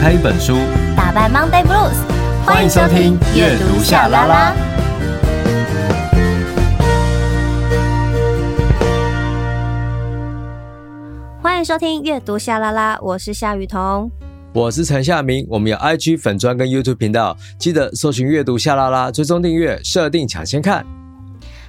拍一本書，打敗 Monday Blues 歡拉拉。歡迎收聽閱讀夏拉拉。歡迎收聽閱讀夏拉拉，我是夏宇童，我是陳夏民。我們有 IG 粉專跟 YouTube 頻道，記得搜尋閱讀夏拉拉，追蹤訂閱，設定搶先看。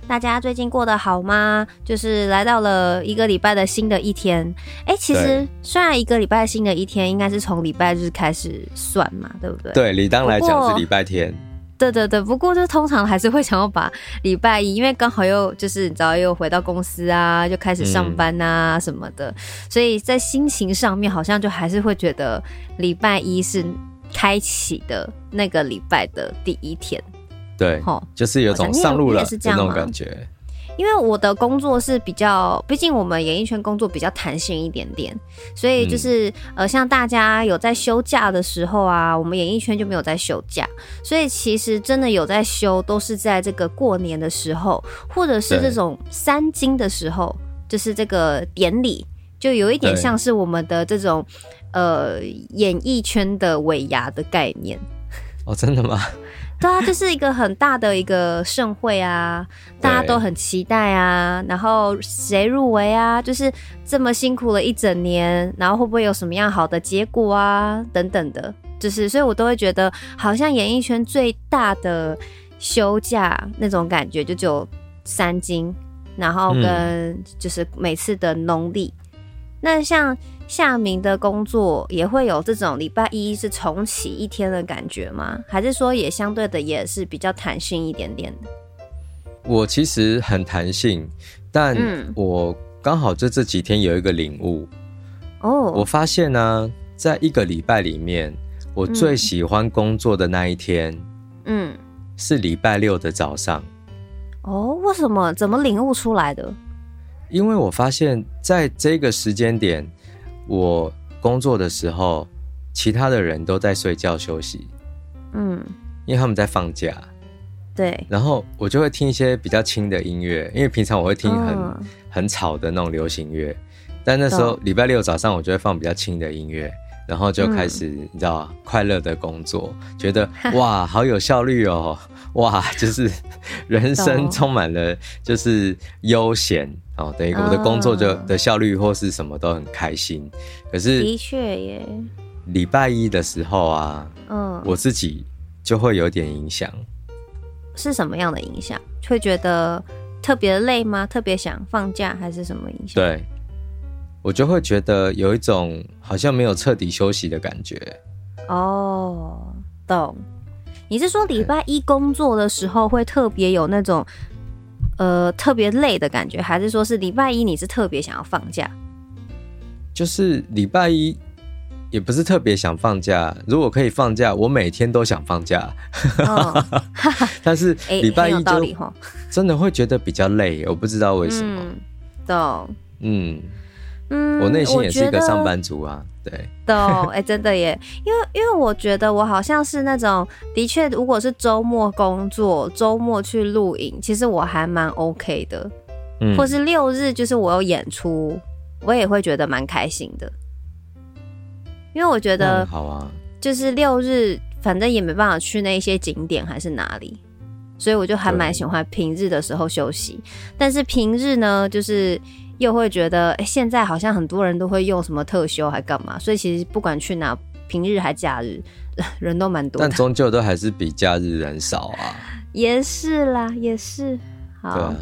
大家最近過得好嗎？就是來到了一個禮拜的新的一天。哎、欸，其實雖然一個禮拜新的一天應該是從禮拜日開始算嘛，對不對？對，理當來講是禮拜天。對對對，不過就通常還是會想要把禮拜一，因為剛好又就是你知道又回到公司啊，就開始上班啊什麼的，嗯、所以在心情上面好像就還是會覺得禮拜一是開啟的那個禮拜的第一天。對，就是有種上路了那種感覺。因為我的工作是比較，畢竟我們演藝圈工作比較彈性一點點，所以就是、嗯、呃，像大家有在休假的時候啊，我們演藝圈就沒有在休假，所以其實真的有在休，都是在這個過年的時候，或者是這種三金的時候，就是這個典禮，就有一點像是我們的這種呃演藝圈的尾牙的概念。哦，真的嗎？ 對啊，就是一個很大的一個盛會啊，大家都很期待啊，然後誰入圍啊？就是這麼辛苦了一整年，然後會不會有什麼樣好的結果啊？等等的，就是，所以我都會覺得，好像演藝圈最大的休假那種感覺，就只有三金，然後跟就是每次的農曆，嗯、那像。夏民的工作也會有這種禮拜一是重啟一天的感覺嗎？還是說也相對的也是比較彈性一點點？我其實很彈性，但我剛好就這幾天有一個領悟哦，嗯。我發現呢，啊，在一個禮拜裡面，我最喜歡工作的那一天，嗯，是禮拜六的早上。哦，為什麼？怎麼領悟出來的？因為我發現，在這個時間點。我工作的時候，其他的人都在睡覺休息，嗯，因為他們在放假，對。然後我就會聽一些比較輕的音樂，因為平常我會聽很、哦、很吵的那種流行樂，但那時候禮拜六早上我就會放比較輕的音樂，然後就開始、嗯、你知道快樂的工作，覺得哇好有效率哦。 哇，就是人生充滿了就是悠閒哦，等於我的工作就、uh, 的效率或是什麼都很開心。可是的確耶，禮拜一的時候啊，嗯、uh,，我自己就會有點影響。是什麼樣的影響？會覺得特別累嗎？特別想放假還是什麼影響？對，我就會覺得有一種好像沒有徹底休息的感覺。哦、oh,，懂。你是說禮拜一工作的時候會特別有那種，呃，特別累的感覺，還是說是禮拜一你是特別想要放假？就是禮拜一也不是特別想放假，如果可以放假，我每天都想放假。嗯、 但是禮拜一就真的會覺得比較累，我不知道為什麼。懂、嗯。嗯嗯，我內心也是一個上班族啊。對，哎、 欸，真的耶，因為因為我覺得我好像是那種，的確，如果是週末工作，週末去露營，其實我還蠻 OK 的，嗯、或是六日就是我有演出，我也會覺得蠻開心的，因為我覺得好啊，就是六日反正也沒辦法去那些景點還是哪裡，所以我就還蠻喜歡平日的時候休息，但是平日呢，就是。又會覺得，哎、欸，現在好像很多人都會用什麼特休還幹嘛，所以其實不管去哪，平日還假日人都蠻多，但終究都還是比假日人少啊。也是啦，也是。好，對，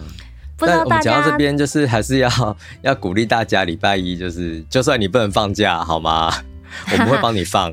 不知道大家。但我們講到這邊就是還是要要鼓勵大家，禮拜一就是，就算你不能放假，好嗎？ 我不會幫你放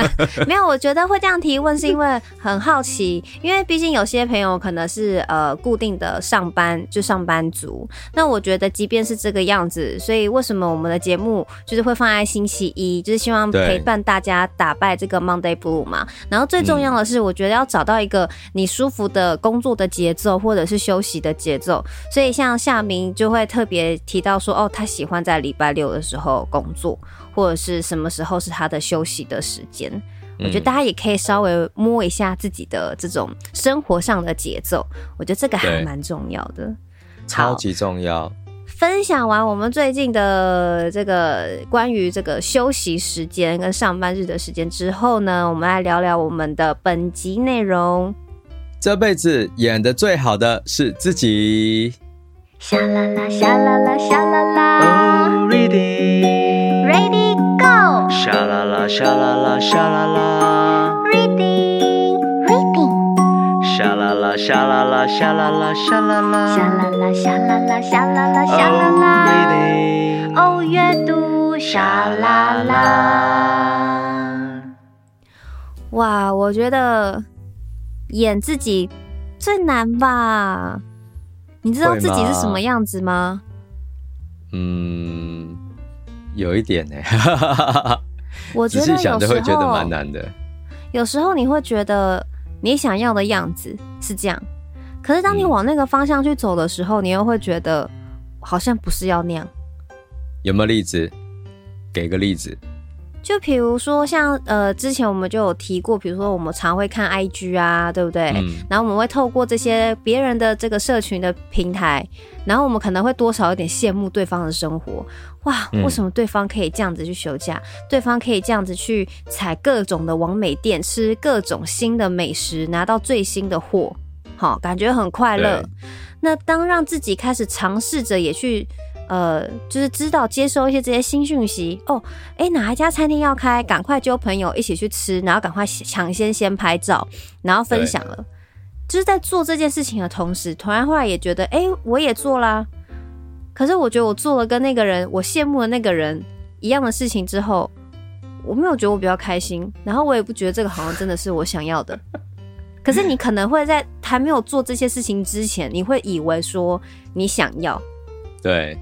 ，沒有。我覺得會這樣提問是因為很好奇， 因為畢竟有些朋友可能是呃固定的上班就上班族。那我覺得即便是這個樣子，所以為什麼我們的節目就是會放在星期一，就是希望陪伴大家打敗這個 Monday Blue 嘛。然後最重要的是，我覺得要找到一個你舒服的工作的節奏、嗯、或者是休息的節奏。所以像夏民就會特別提到說，哦，他喜歡在禮拜六的時候工作。或者是什麼時候是他的休息的時間、嗯，我覺得大家也可以稍微摸一下自己的這種生活上的節奏，我覺得這個還蠻重要的。好，超級重要。分享完我們最近的這個關於這個休息時間跟上班日的時間之後呢，我們來聊聊我們的本集內容。這輩子演得最好的是自己。沙啦喬啦喬啦啦啦啦。Reading. 沙啦啦沙啦啦沙啦啦，reading reading，沙啦啦沙啦啦沙啦啦沙啦啦，沙啦啦沙啦啦沙啦啦沙啦啦，哦，reading，哦，閱讀，沙啦啦。哇，我覺得演自己最難吧？你知道自己是什麼樣子嗎？會嗎？嗯，有一點呢、欸。 我覺得有時候，有時候，有時候你會覺得你想要的樣子是這樣，可是當你往那個方向去走的時候，嗯，你又會覺得好像不是要那樣。有沒有例子？給個例子。就比如說像呃，之前我們就有提過，比如說我們常會看 IG 啊，對不對？嗯。然後我們會透過這些別人的這個社群的平台，然後我們可能會多少有點羨慕對方的生活。哇，為什麼對方可以這樣子去休假？嗯、對方可以這樣子去踩各種的網美店，吃各種新的美食，拿到最新的貨，好、哦，感覺很快樂。那當讓自己開始嘗試着也去。呃，就是知道接收一些這些新訊息哦，哎、欸，哪一家餐廳要開，趕快揪朋友一起去吃，然後趕快搶先先拍照，然後分享了。就是在做這件事情的同時，突然後來也覺得，哎、欸，我也做啦。可是我覺得我做了跟那個人我羨慕的那個人一樣的事情之後，我沒有覺得我比較開心，然後我也不覺得這個好像真的是我想要的。 可是你可能會在還沒有做這些事情之前，你會以為說你想要，對。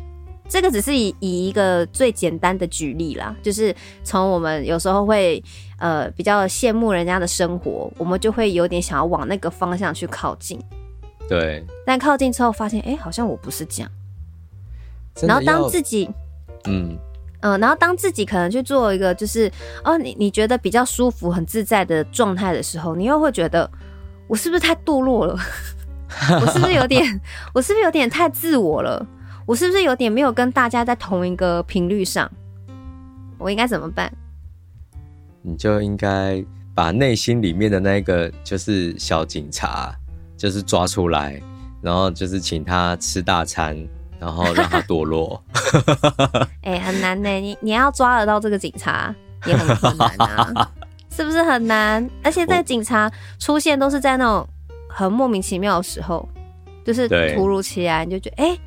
這個只是以、以一個最簡單的舉例啦，就是從我們有時候會呃比較羨慕人家的生活，我們就會有點想要往那個方向去靠近。對。但靠近之後發現，哎，好像我不是這樣。然後當自己，嗯嗯、呃，然後當自己可能去做一個就是哦，你、你覺得比較舒服、很自在的狀態的時候，你又會覺得我是不是太墮落了？ 我是不是有點，我是不是有點太自我了？我是不是有點沒有跟大家在同一個頻率上？我應該怎麼辦？你就應該把內心裡面的那個就是小警察，就是抓出來，然後就是請他吃大餐，然後讓他墮落。哎、 欸，很難呢，你你要抓得到這個警察也很困難啊， 是不是很難？而且在警察出現都是在那種很莫名其妙的時候，就是突如其來，你就覺得哎。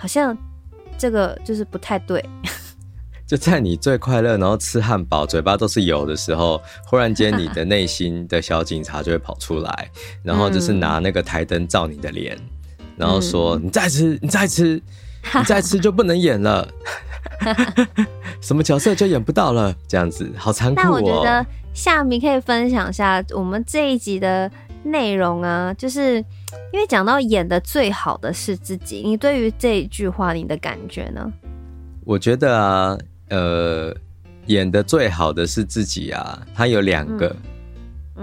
好像這個就是不太對。就在你最快樂，然後吃漢堡，嘴巴都是油的時候，忽然間你的內心的小警察就會跑出來， 然後就是拿那個檯燈照你的臉，嗯、然後說：“嗯、你再吃，你再吃， 你再吃就不能演了， 什麼角色就演不到了。”這樣子好殘酷、哦。那我覺得夏民可以分享一下我們這一集的。內容啊，就是因為講到演得最好的是自己，你對於這一句話，你的感覺呢？我覺得啊，呃，演得最好的是自己啊，它有兩個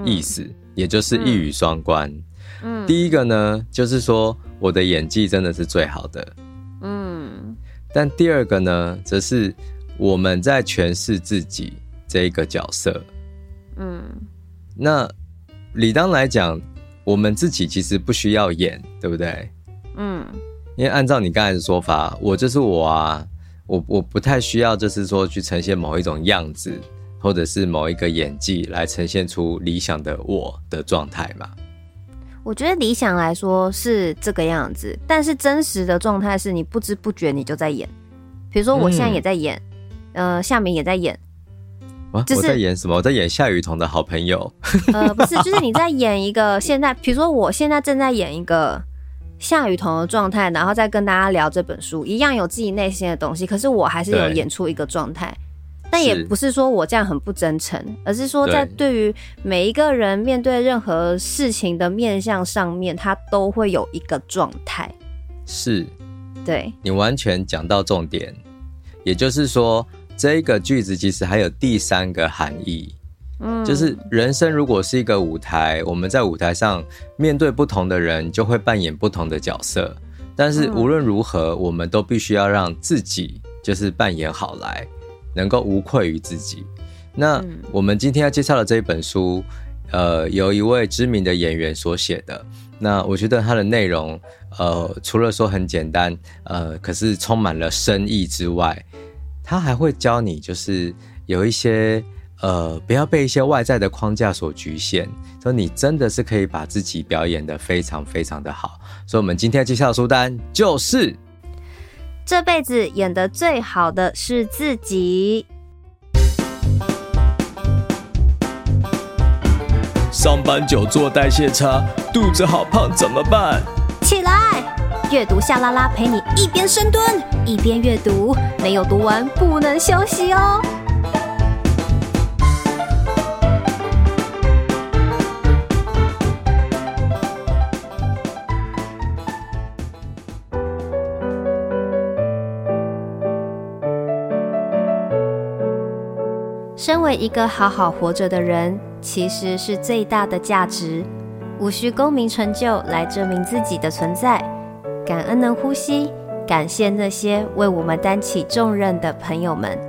意思，嗯嗯，也就是一語雙關嗯。嗯，第一個呢，就是說我的演技真的是最好的。嗯，但第二個呢，則是我們在詮釋自己這一個角色。嗯，那。理當來講，我們自己其實不需要演，對不對？嗯，因為按照你剛才的說法，我就是我啊，我我不太需要，就是說去呈現某一種樣子，或者是某一個演技來呈現出理想的我的狀態嘛。我覺得理想來說是這個樣子，但是真實的狀態是你不知不覺你就在演，比如說我現在也在演，嗯、呃，夏民也在演。啊、就是！我在演什麼？我在演夏宇童的好朋友。 呃，不是，就是你在演一個現在，比如說我現在正在演一個夏宇童的狀態，然後再跟大家聊這本書，一樣有自己內心的東西。可是我還是有演出一個狀態，但也不是說我這樣很不真誠，而是說在對於每一個人面對任何事情的面向上面，他都會有一個狀態。是，對，你完全講到重點，也就是說。這個句子其實還有第三個含義，嗯，就是人生如果是一個舞台，我們在舞台上面對不同的人，就會扮演不同的角色。但是無論如何，我們都必須要讓自己就是扮演好來，能夠無愧於自己。那我們今天要介紹的這一本書，呃，由一位知名的演員所寫的。那我覺得它的內容，呃，除了說很簡單，呃，可是充滿了深意之外。他還會教你，就是有一些呃，不要被一些外在的框架所局限，說你真的是可以把自己表演得非常非常的好。所以，我們今天要介紹的書單就是《這輩子演得最好的是自己》。上班久坐代謝差，肚子好胖怎麼辦？閱讀夏 LaLa 陪你一邊深蹲一邊閱讀，沒有讀完不能休息哦。身為一個好好活着的人，其實是最大的價值，無需功名成就來證明自己的存在。感恩能呼吸，感謝那些為我們擔起重任的朋友們。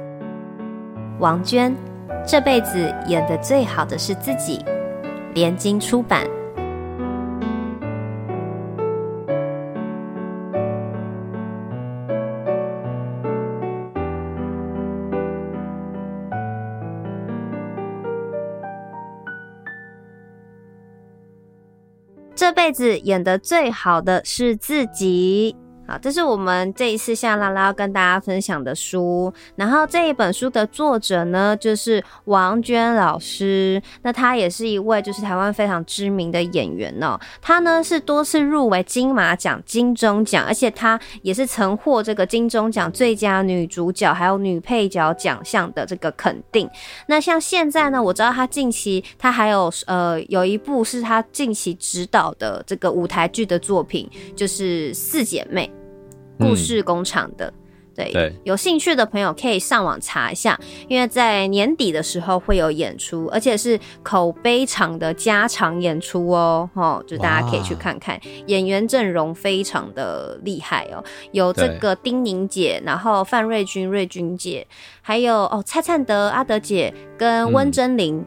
王琄這輩子演得最好的是自己。聯經出版。輩子演得最好的是自己。好，這是我們這一次夏 LaLa 要跟大家分享的書。然後這一本書的作者呢，就是王琄老師。那她也是一位就是台灣非常知名的演員哦、喔。她呢是多次入圍金馬獎、金鐘獎，而且她也是曾獲這個金鐘獎最佳女主角還有女配角獎項的這個肯定。那像現在呢，我知道她近期她還有呃有一部是她近期執導的這個舞台劇的作品，就是《四姐妹》。故事工廠的、嗯，對，對，有興趣的朋友可以上網查一下，因為在年底的時候會有演出，而且是口碑場的加場演出哦、喔，哈、喔，就大家可以去看看。演員陣容非常的厲害哦、喔，有這個丁寧姐，然後范瑞君、瑞君姐，還有哦、喔、蔡燦得、阿德姐跟溫貞菱、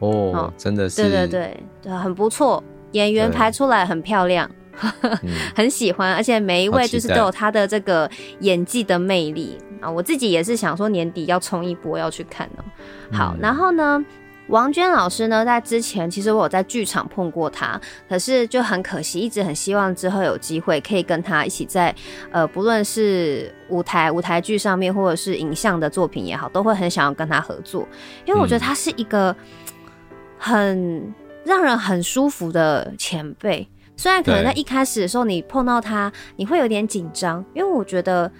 嗯、哦、喔，真的是，對對對，很不錯，演員排出來很漂亮。 很喜歡、嗯，而且每一位就是都有他的這個演技的魅力啊！我自己也是想說年底要衝一波要去看哦、嗯。好，然後呢，王琄老師呢，在之前其實我有在劇場碰過他，可是就很可惜，一直很希望之後有機會可以跟他一起在呃，不論是舞台舞台劇上面，或者是影像的作品也好，都會很想要跟他合作，因為我覺得他是一個很讓人很舒服的前輩。嗯雖然可能在一開始的時候，你碰到他，你會有點緊張，因為我覺得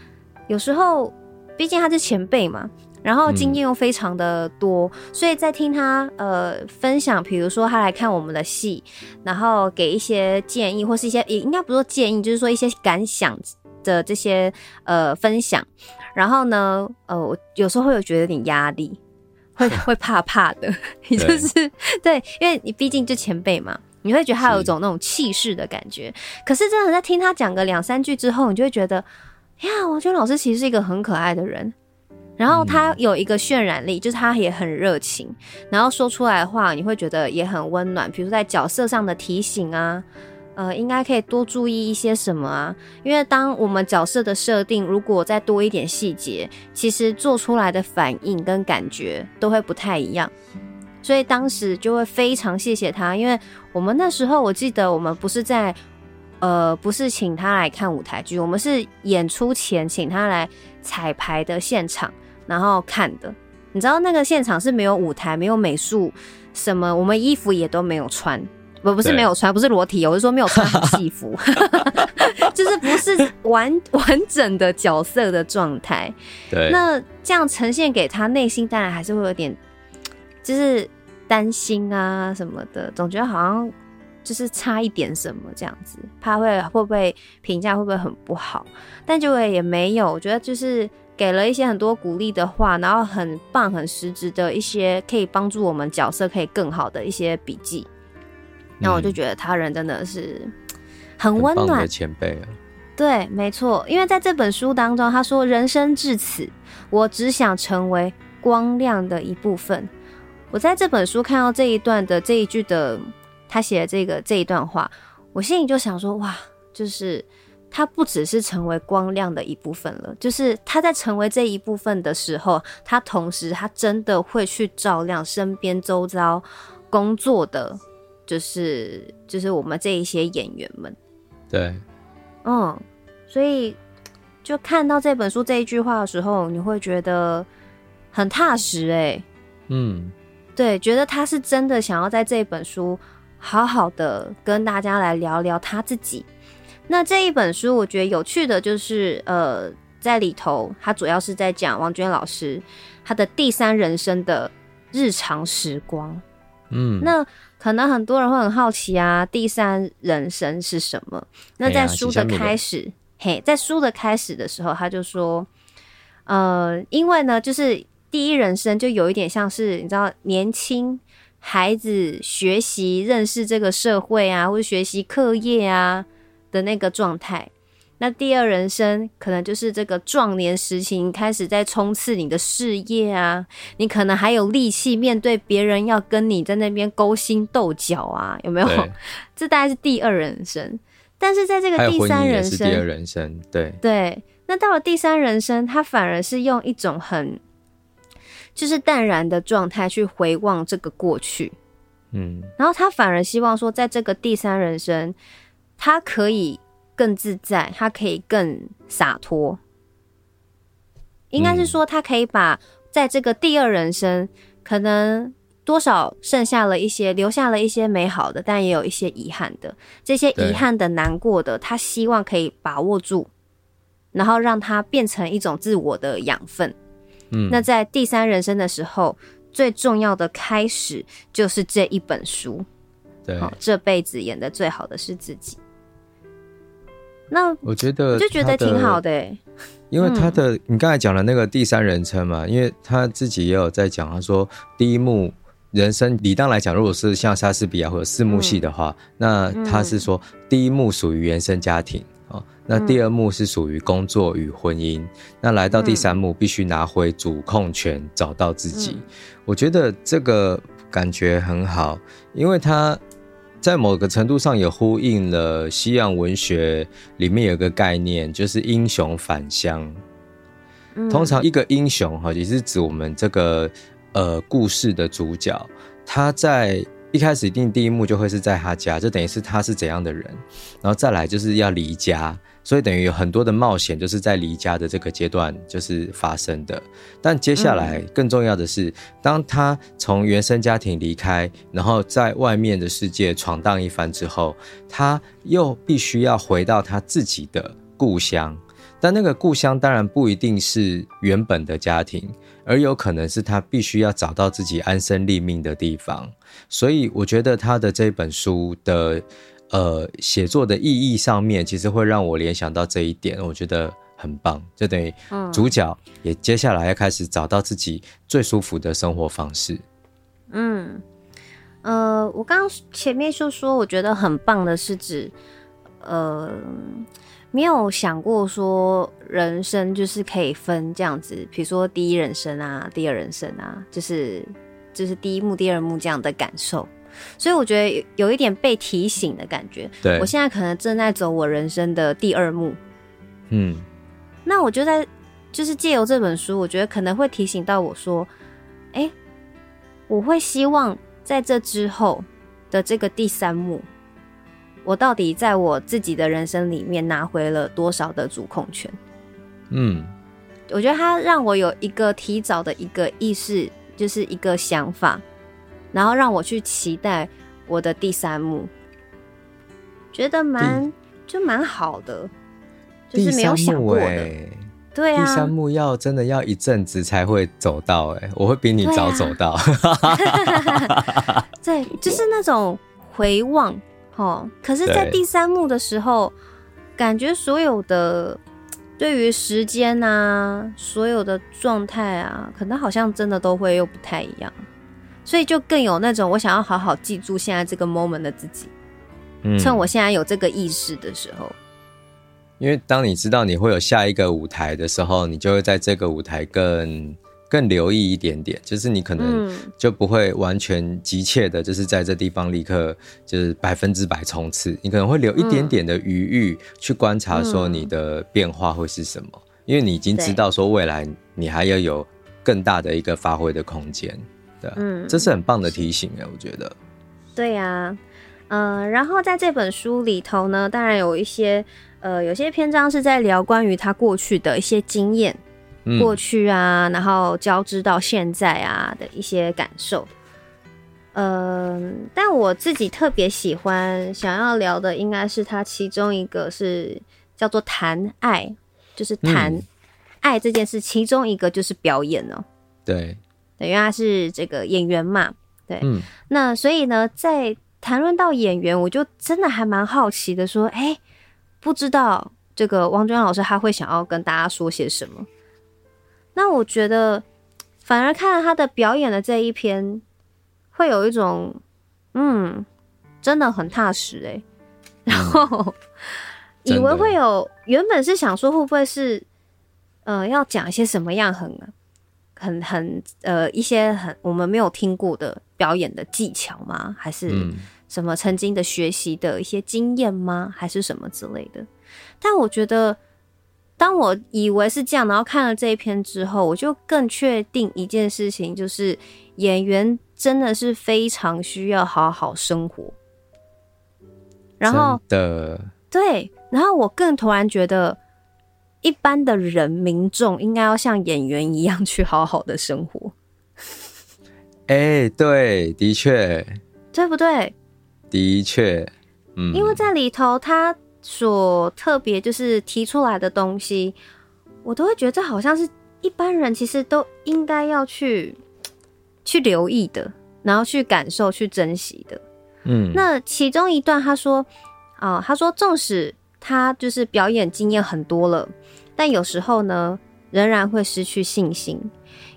有時候，畢竟他是前輩嘛，然後經驗又非常的多，嗯、所以在聽他呃分享，比如說他來看我們的戲，然後給一些建議，或是一些也應該不是說建議，就是說一些感想的這些呃分享，然後呢，呃，我有時候會有覺得有點壓力， 會會怕怕的，你 就是對，因為你畢竟就前輩嘛。你會覺得他有一種那種氣勢的感覺，可是真的在聽他講個兩三句之後，你就會覺得呀，王琄老師其實是一個很可愛的人。然後他有一個渲染力，嗯、就是他也很熱情，然後說出來的話你會覺得也很溫暖。比如在角色上的提醒啊，呃，應該可以多注意一些什麼啊？因為當我們角色的設定如果再多一點細節，其實做出來的反應跟感覺都會不太一樣。所以當時就會非常謝謝他，因為我們那時候我記得我們不是在，呃，不是請他來看舞台劇，我們是演出前請他來彩排的現場，然後看的。你知道那個現場是沒有舞台，沒有美術，什麼我們衣服也都沒有穿，不不是沒有穿，不是裸體，我是說沒有穿戲服， 就是不是完完整的角色的狀態。對，那這樣呈現給他，內心當然還是會有點，就是。擔心啊什麼的，總覺得好像就是差一點什麼這樣子，怕會會被評價會不會很不好。但就也沒有，我覺得就是給了一些很多鼓勵的話，然後很棒很實質的一些可以幫助我們角色可以更好的一些筆記、嗯。那我就覺得他人真的是很溫暖很棒的前輩啊。對，沒錯，因為在這本書當中，他說：“人生至此，我只想成為光亮的一部分。”我在這本書看到這一段的這一句的，他寫的這個這一段話，我心裡就想說，哇，就是他不只是成為光亮的一部分了，就是他在成為這一部分的時候，他同時他真的會去照亮身邊周遭工作的，就是就是我們這一些演員們。對，嗯，所以就看到這本書這一句話的時候，你會覺得很踏實欸，哎，嗯。對，覺得他是真的想要在這一本書好好的跟大家來聊聊他自己。那這一本書，我覺得有趣的就是，呃，在裡頭他主要是在講王琄老師他的第三人生的日常時光。嗯，那可能很多人會很好奇啊，第三人生是什麼？那在書的開始，哎、嘿，在書的開始的時候，他就說，呃，因為呢，就是。第一人生就有一點像是你知道，年輕孩子學習認識這個社會啊，或者學習課業啊的那個狀態。那第二人生可能就是這個壯年時期，你開始在衝刺你的事業啊，你可能還有力氣面對別人要跟你在那邊勾心鬥角啊，有沒有？這大概是第二人生。但是在這個第三人生，是第二人生，對對。那到了第三人生，他反而是用一種很。就是淡然的狀態去回望這個過去，嗯，然後他反而希望說，在這個第三人生，他可以更自在，他可以更灑脫。應該是說，他可以把在這個第二人生、嗯，可能多少剩下了一些，留下了一些美好的，但也有一些遺憾的，這些遺憾的、難過的，他希望可以把握住，然後讓它變成一種自我的養分。嗯，那在第三人生的時候，最重要的開始就是這一本書。對，哦、這輩子演得最好的是自己。那我覺得就覺得挺好的、欸，因為他的你剛才講的那個第三人稱嘛、嗯，因為他自己也有在講，他說第一幕人生，理當來講，如果是像莎士比亞或者四幕戲的話、嗯，那他是說第一幕屬於原生家庭。那第二幕是屬於工作與婚姻、嗯，那來到第三幕必須拿回主控權，嗯、找到自己、嗯。我覺得這個感覺很好，因為他在某個程度上也呼應了西洋文學裡面有一個概念，就是英雄返鄉、嗯。通常一個英雄哈，也是指我們這個呃故事的主角，他在一開始一定第一幕就會是在他家，就等於是他是怎樣的人，然後再來就是要離家。所以等於有很多的冒險，就是在離家的這個階段就是發生的。但接下來更重要的是，當他從原生家庭離開，然後在外面的世界闖蕩一番之後，他又必須要回到他自己的故鄉。但那個故鄉當然不一定是原本的家庭，而有可能是他必須要找到自己安身立命的地方。所以我覺得他的這本書的。呃，寫作的意義上面，其實會讓我聯想到這一點，我覺得很棒。就等於主角也接下來要開始找到自己最舒服的生活方式。嗯，呃，我剛前面就說說，我覺得很棒的是指，呃，沒有想過說人生就是可以分這樣子，比如說第一人生啊，第二人生啊，就是就是第一幕、第二幕這樣的感受。所以我覺得有一點被提醒的感覺。對，我現在可能正在走我人生的第二幕。嗯，那我就在就是借由這本書，我覺得可能會提醒到我說，哎、欸，我會希望在這之後的這個第三幕，我到底在我自己的人生裡面拿回了多少的主控權？嗯，我覺得它讓我有一個提早的一個意識，就是一個想法。然後讓我去期待我的第三幕，覺得蠻就蠻好的第三幕，欸，就是沒有想過。對啊，第三幕要真的要一陣子才會走到哎，欸，我會比你早走到。對、啊 對，就是那種回望哈，哦。可是，在第三幕的時候，感覺所有的對於時間啊，所有的狀態啊，可能好像真的都會又不太一樣。所以就更有那種我想要好好記住現在這個 moment 的自己、嗯，趁我現在有這個意識的時候。因為當你知道你會有下一個舞台的時候，你就會在這個舞台更更留意一點點。就是你可能就不會完全急切的，就是在這地方立刻就是百分之百衝刺。你可能會留一點點的餘裕去觀察，說你的變化會是什麼、嗯嗯？因為你已經知道說未來你還要有更大的一個發揮的空間。對，嗯，這是很棒的提醒哎，我覺得。對呀、啊，嗯、呃，然後在這本書裡頭呢，當然有一些，呃，有些篇章是在聊關於他過去的一些經驗、嗯，過去啊，然後交織到現在啊的一些感受。嗯、呃，但我自己特別喜歡想要聊的，應該是他其中一個是叫做談愛，就是談愛這件事，其中一個就是表演哦、喔嗯。對。等於他是這個演員嘛？對，嗯，那所以呢，在談論到演員，我就真的還蠻好奇的，說，哎、欸，不知道這個王琄老師他會想要跟大家說些什麼？那我覺得，反而看他的表演的這一篇，會有一種，嗯，真的很踏實誒、欸。然後，以為會有，原本是想說會不會是，呃，要講一些什麼樣很很很呃，一些很我們沒有聽過的表演的技巧嗎？還是什麼曾經的學習的一些經驗嗎？還是什麼之類的？但我覺得，當我以為是這樣，然後看了這一篇之後，我就更確定一件事情，就是演員真的是非常需要好好生活。然後的對，然後我更突然覺得。一般的人，民眾應該要像演員一樣去好好的生活、欸。哎，對，的確，對不對？的確，嗯，因為在裡頭他所特別就是提出來的東西，我都會覺得這好像是一般人其實都應該要去去留意的，然後去感受、去珍惜的。嗯，那其中一段他說啊、呃，他說，縱使他就是表演經驗很多了。但有時候呢，仍然會失去信心，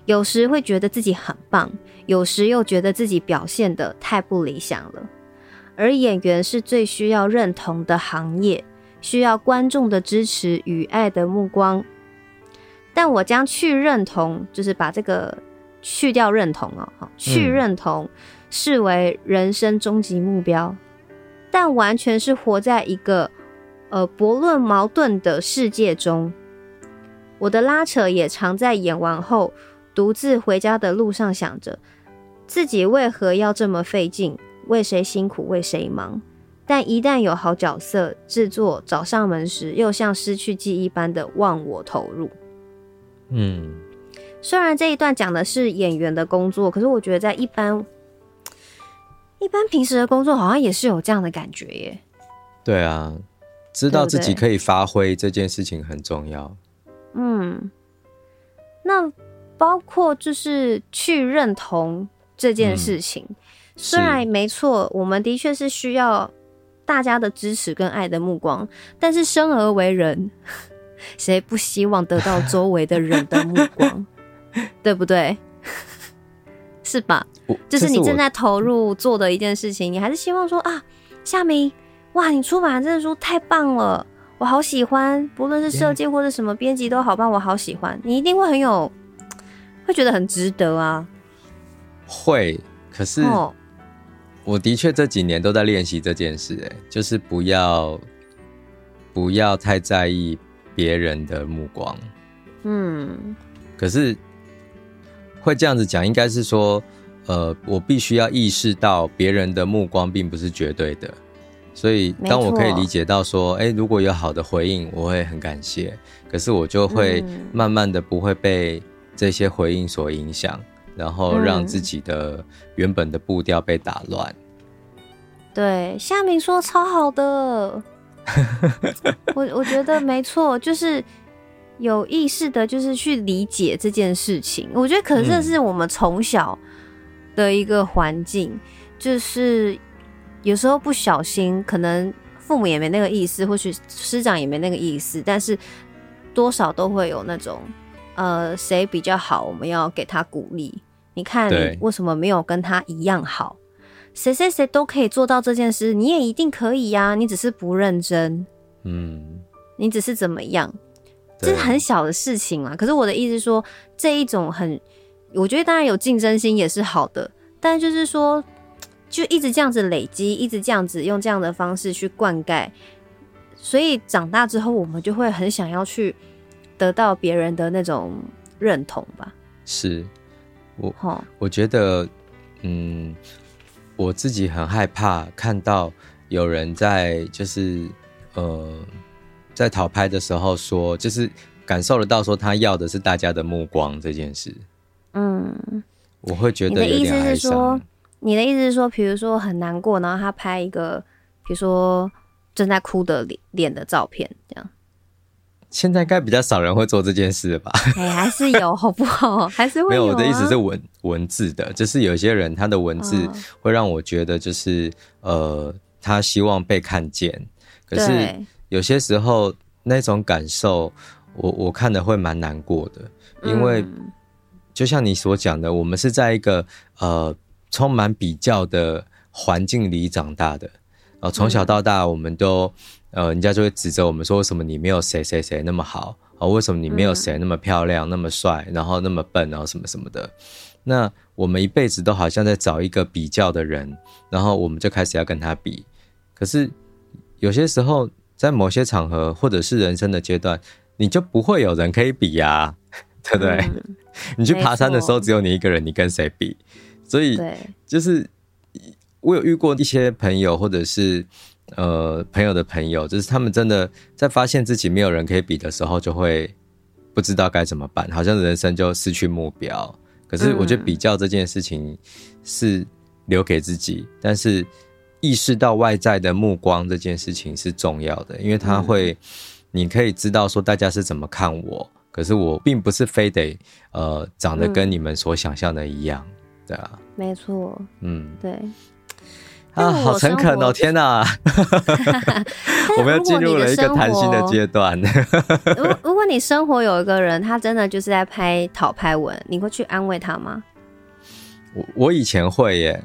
有時會覺得自己很棒，有時又覺得自己表現得太不理想了。而演員是最需要認同的行業，需要觀眾的支持與愛的目光。但我將去認同，就是把這個去掉認同了、喔嗯，去認同視為人生終極目標，但完全是活在一個呃悖論矛盾的世界中。我的拉扯也常在演完後，獨自回家的路上想着，自己為何要這麼費勁，為誰辛苦，為誰忙？但一旦有好角色製作找上門時，又像失去記憶般的忘我投入。嗯，雖然這一段講的是演員的工作，可是我覺得在一般一般平時的工作，好像也是有這樣的感覺耶。對啊，知道自己可以發揮這件事情很重要。對嗯，那包括就是去認同這件事情。嗯、雖然沒錯，我們的確是需要大家的支持跟愛的目光，但是生而為人，誰不希望得到周圍的人的目光？ 對不對？ 是吧？就是你正在投入做的一件事情，你還是希望說啊，夏民，哇，你出版這本書太棒了。我好喜歡，不論是設計或者什麼編輯都好棒，yeah. 我好喜歡。你一定會很有，會覺得很值得啊。會，可是、哦、我的確這幾年都在練習這件事、欸，哎，就是不要不要太在意別人的目光。嗯，可是會這樣子講，應該是說，呃，我必須要意識到別人的目光並不是絕對的。所以，當我可以理解到說，哎、欸，如果有好的回應，我會很感謝。可是，我就會慢慢的不會被這些回應所影響、嗯，然後讓自己的原本的步調被打亂。對，夏民說超好的， 我我覺得沒錯，就是有意識的，就是去理解這件事情。我覺得，可能這是我們從小的一個環境、嗯，就是。有時候不小心，可能父母也沒那個意思，或許師長也沒那個意思，但是多少都會有那種，呃，誰比較好，我們要給他鼓勵。你看，你為什麼沒有跟他一樣好？誰誰誰都可以做到這件事，你也一定可以呀、啊！你只是不認真，嗯，你只是怎麼樣？這是很小的事情嘛。可是我的意思是說，這一種很，我覺得當然有競爭心也是好的，但就是說。就一直這樣子累積，一直這樣子用這樣的方式去灌溉，所以長大之後，我們就會很想要去得到別人的那種認同吧。是我，我覺得，嗯，我自己很害怕看到有人在就是呃，在討拍的時候說，就是感受得到說他要的是大家的目光這件事。嗯，我會覺得有點害羞。你的意思是說，比如說很難過，然後他拍一個，比如說正在哭的臉臉的照片，這樣。現在應該比較少人會做這件事了吧？哎、欸，還是有， 好不好？還是會有、啊。沒有，我的意思是文文字的，就是有些人他的文字會讓我覺得，就是呃，他希望被看見。可是有些時候那種感受我，我我看的會蠻難過的，因為就像你所講的，我們是在一個呃。充滿比較的環境裡長大的，呃，從小到大，我們都，呃，人家就會指責我們說，為什麼你沒有誰誰誰那麼好啊？為什麼你沒有誰那麼漂亮，那麼帥，然後那麼笨，然後什麼什麼的。那我們一輩子都好像在找一個比較的人，然後我們就開始要跟他比。可是有些時候，在某些場合或者是人生的階段，你就不會有人可以比呀，啊，對不對？你去爬山的時候，只有你一個人，你跟誰比？所以就是我有遇過一些朋友，或者是呃朋友的朋友，就是他們真的在發現自己沒有人可以比的時候，就會不知道該怎麼辦，好像人生就失去目標。可是我覺得比較這件事情是留給自己，但是意識到外在的目光這件事情是重要的，因為他會，你可以知道說大家是怎麼看我，可是我並不是非得呃長得跟你們所想象的一樣，對啊。沒錯，嗯，對啊，好誠懇哦！天啊！我們要進入了一個談心的階段。 如果如果你生活有一個人，他真的就是在拍討拍文，你會去安慰他嗎？我我以前會耶，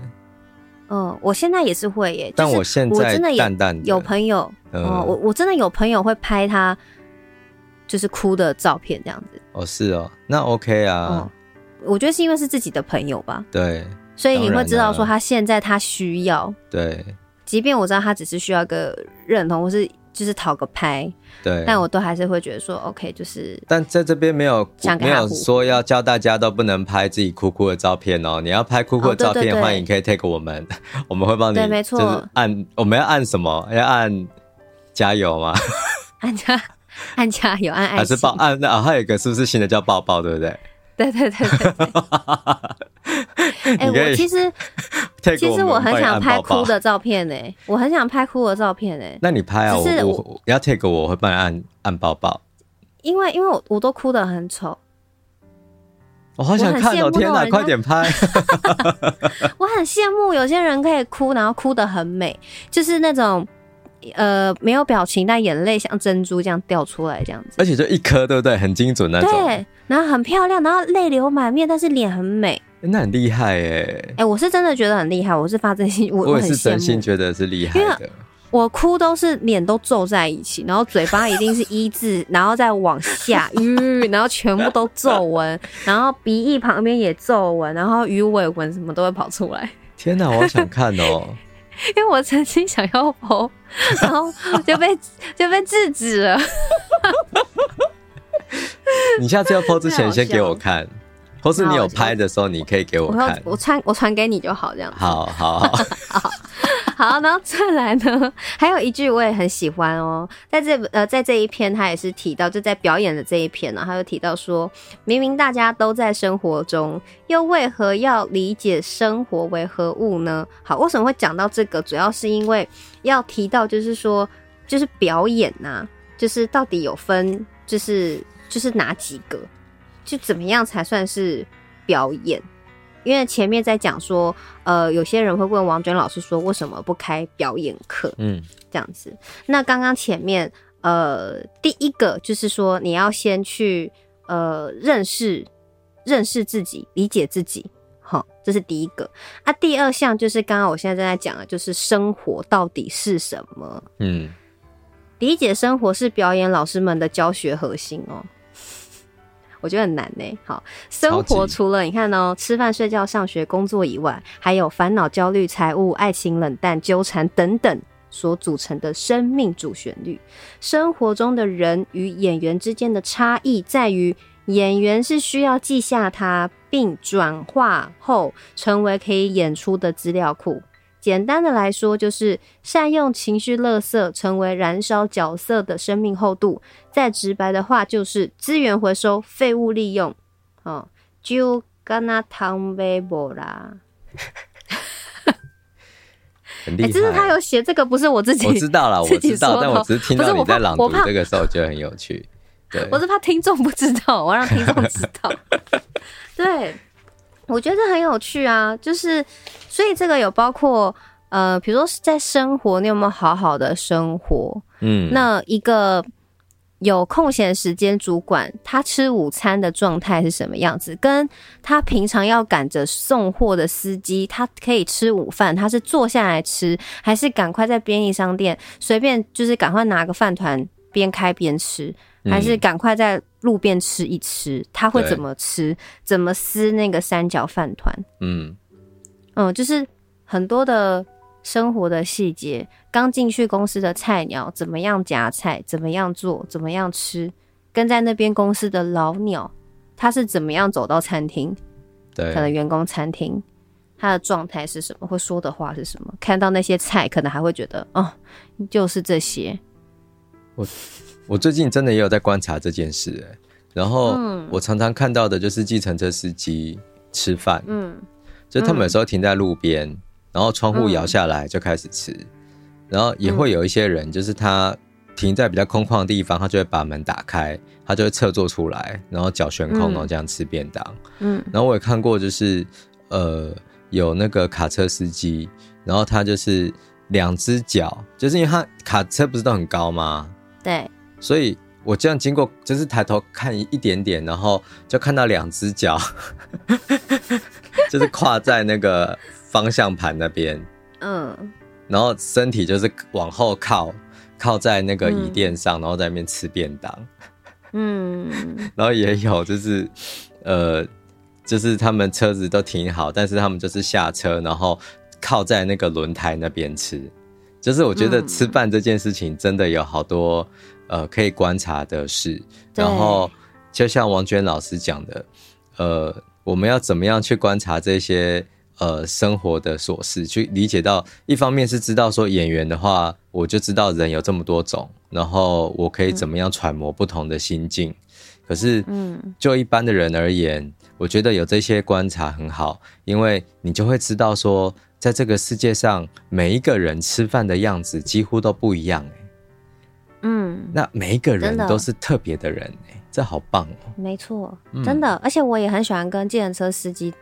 嗯，我現在也是會耶。但我現在淡淡的、就是、我真的有，有朋友，我、嗯嗯、我真的有朋友會拍他就是哭的照片這樣子。哦，是哦，那 OK 啊。嗯、我覺得是因為是自己的朋友吧。對。所以你會知道說，他現在他需要對，即便我知道他只是需要一個認同，或是就是討個拍，對，但我都還是會覺得說 OK，就是但在這邊沒有沒有說要教大家都不能拍自己哭哭的照片哦、喔，你要拍哭哭的照片，哦、對對對歡迎可以 take 我們，我們會幫你。對，沒錯，按我們要按什麼？要按加油嗎？ 按加按加油，按按還是抱按啊？還、哦、有一個是不是新的叫抱抱，對不對？對對對對，對。 哎、欸，我其實、take、其實我很想拍哭的照片哎、欸， 我很想拍哭的照片哎、欸。那你拍啊，我我，我要 take 我，我會幫你按按抱抱，因為因為我我都哭得很醜，我好想看哦、喔！天哪，快點拍！ 我很羨慕有些人可以哭，然後哭得很美，就是那種。呃，沒有表情，但眼淚像珍珠這樣掉出來，這樣子，而且就一顆，對不對？很精準那種。對，然後很漂亮，然後淚流滿面，但是臉很美，欸、那很厲害哎、欸！哎、欸，我是真的覺得很厲害，我是發真心，我也是真心覺得是厲害的。因為我哭都是臉都皺在一起， 然後嘴巴一定是一字，然後再往下淤、 嗯，然後全部都皺紋，然後鼻翼旁邊也皺紋，然後魚尾紋什麼都會跑出來。天哪，我想看哦、喔。 因為我曾經想要 PO，然後就被 就被制止了 。 你下次要 PO 之前，先給我看，或是你有拍的時候，你可以給我看。我傳我傳給你就好，這樣子。好好好。 好好好，那再來呢？還有一句我也很喜歡哦，在這呃，在這一篇他也是提到，就在表演的這一篇呢，他又提到說，明明大家都在生活中，又為何要理解生活為何物呢？好，為什麼會講到這個？主要是因為要提到，就是說，就是表演啊，就是到底有分，就是就是哪幾個，就怎麼樣才算是表演？因為前面在講說，呃，有些人會問王琄老師說，為什麼不開表演課？嗯，這樣子。嗯、那剛剛前面，呃，第一個就是說，你要先去呃認識、認識自己，理解自己，好，這是第一個。啊，第二項就是剛剛我現在正在講的，就是生活到底是什麼？嗯，理解生活是表演老師們的教學核心哦。我覺得很難呢、欸。好，生活除了你看哦、喔，吃飯、睡覺、上學、工作以外，還有煩惱、焦慮、財務、愛情、冷淡、糾纏等等所組成的生命主旋律。生活中的人與演員之間的差異，在於演員是需要記下它，並轉化後成為可以演出的資料庫。簡單的來說，就是善用情緒垃圾，成為燃燒角色的生命厚度。再直白的話，就是資源回收，廢物利用。哦，就甘那湯杯無啦。很厲害。 欸、他有寫這個，不是我自己，我知道了，我知道，但我只是聽到是你在朗讀，這個時候就很有趣。對，我是怕聽眾不知道，我要讓聽眾知道。 對。我覺得很有趣啊，就是，所以這個有包括，呃，比如說在生活，你有沒有好好的生活？嗯，那一個有空閒時間主管，他吃午餐的狀態是什麼樣子？跟他平常要趕着送貨的司機，他可以吃午飯，他是坐下來吃，還是趕快在便利商店，隨便就是趕快拿個飯糰，邊開邊吃？還是趕快在路邊吃一吃，嗯、他會怎麼吃，怎麼撕那個三角飯糰？嗯，嗯，就是很多的生活的細節。剛進去公司的菜鳥怎麼樣夾菜，怎麼樣做，怎麼樣吃？跟在那邊公司的老鳥，他是怎麼樣走到餐廳？對，可能員工餐廳，他的狀態是什麼？會說的話是什麼？看到那些菜，可能還會覺得，哦，就是這些。我。我最近真的也有在觀察這件事，欸，然後我常常看到的就是計程車司機吃飯，嗯，就他們有時候停在路邊，嗯，然後窗戶搖下來就開始吃，嗯，然後也會有一些人，就是他停在比較空曠的地方，他就會把門打開，他就會側坐出來，然後腳懸空，然後這樣吃便當。嗯，嗯，然後我也看過就是呃有那個卡車司機，然後他就是兩隻腳，就是因為他卡車不是都很高嗎？對。所以我這樣經過，就是抬頭看一點點，然後就看到兩隻腳， 就是跨在那個方向盤那邊，嗯，然後身體就是往後靠，靠在那個椅墊上，然後在那邊吃便當，嗯， 然後也有就是，呃，就是他們車子都停好，但是他們就是下車，然後靠在那個輪胎那邊吃，就是我覺得吃飯這件事情真的有好多。呃，可以觀察的事，然後就像王琄老師講的，呃，我們要怎麼樣去觀察這些呃生活的瑣事，去理解到，一方面是知道說演員的話，我就知道人有這麼多種，然後我可以怎麼樣揣摩不同的心境。嗯、可是，嗯，就一般的人而言、嗯，我覺得有這些觀察很好，因為你就會知道說，在這個世界上，每一個人吃飯的樣子幾乎都不一樣。嗯，那每一個人都是特別的人、欸、的這好棒哦、喔！沒錯、嗯，真的，而且我也很喜歡跟計程車司機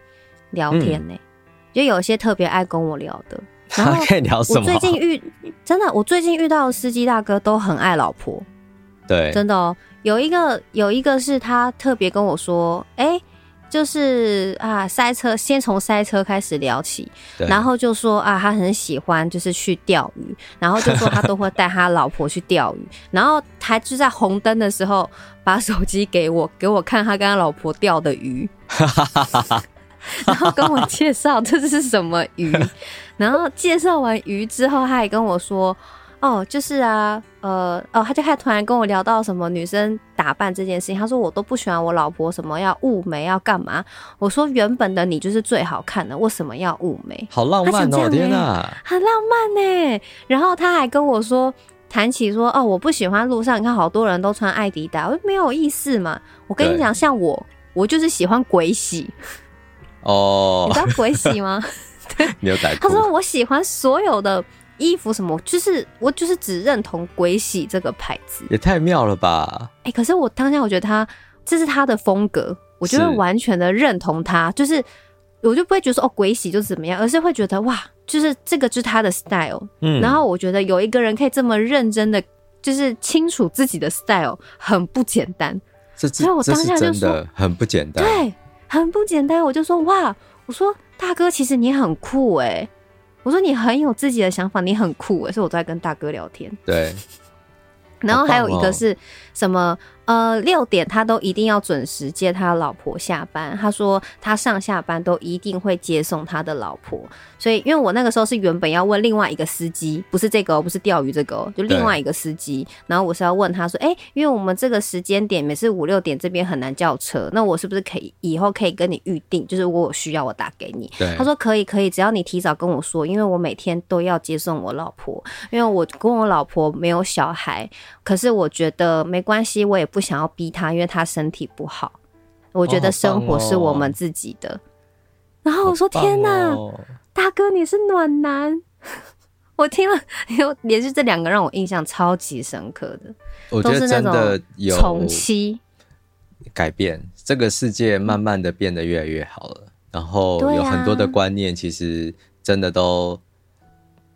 聊天呢、欸嗯，就有一些特別愛跟我聊的。他可以聊什麼？我最近遇，真的，我最近遇到的司機大哥都很愛老婆。對，真的哦、喔，有一個，有一個是他特別跟我說，哎、欸。就是啊，塞車先從塞車開始聊起，然後就說啊，他很喜歡就是去釣魚，然後就說他都會帶他老婆去釣魚，然後他就在紅燈的時候把手機給我，給我看他跟他老婆釣的魚，然後跟我介紹這是什麼魚，然後介紹完魚之後，他還跟我說哦，就是啊。呃哦，他就開始突然跟我聊到什麼女生打扮這件事情。他說我都不喜歡我老婆什麼要霧眉要幹嘛。我說原本的你就是最好看的，為什麼要霧眉？好浪漫、哦、老、欸、天、啊、很浪漫呢、欸。然後他還跟我說，談起說哦，我不喜歡路上你看好多人都穿愛迪達，我沒有意思嘛。我跟你講，像我，我就是喜歡鬼洗。哦、oh，你知道鬼洗嗎？對 帶， 他說我喜歡所有的。衣服什麼，就是我就是只認同鬼洗這個牌子，也太妙了吧！哎、欸，可是我當下我覺得他這是他的風格，我就會完全的認同他，是就是我就不會覺得說哦，鬼洗就是怎麼樣，而是會覺得哇，就是這個就是他的 style。嗯，然後我覺得有一個人可以這麼認真的，就是清楚自己的 style，很不簡單。這是，這是所以我當下就說很不簡單，對，很不簡單。我就說哇，我說大哥，其實你很酷哎、欸。我說你很有自己的想法，你很酷哎，所以我在跟大哥聊天。對，然後還有一個是、哦。什麼？呃，六點他都一定要準時接他老婆下班。他說他上下班都一定會接送他的老婆。所以，因為我那個時候是原本要問另外一個司機，不是這個、喔，不是釣魚這個、喔，就另外一個司機。然後我是要問他說：“哎、欸，因為我們這個時間點，每次五六點這邊很難叫車，那我是不是可以以後可以跟你預定？就是如果我需要我打給你。”他說：“可以，可以，只要你提早跟我說，因為我每天都要接送我老婆，因為我跟我老婆沒有小孩，可是我覺得沒。”關係，我也不想要逼他，因為他身體不好。我覺得生活是我們自己的。哦哦、然後我說：“哦、天哪、哦，大哥你是暖男！” 我聽了連續這兩個讓我印象超級深刻的，我覺得都是那種重真的有重啟、改變。這個世界慢慢的變得越來越好了，然後有很多的觀念其實真的都。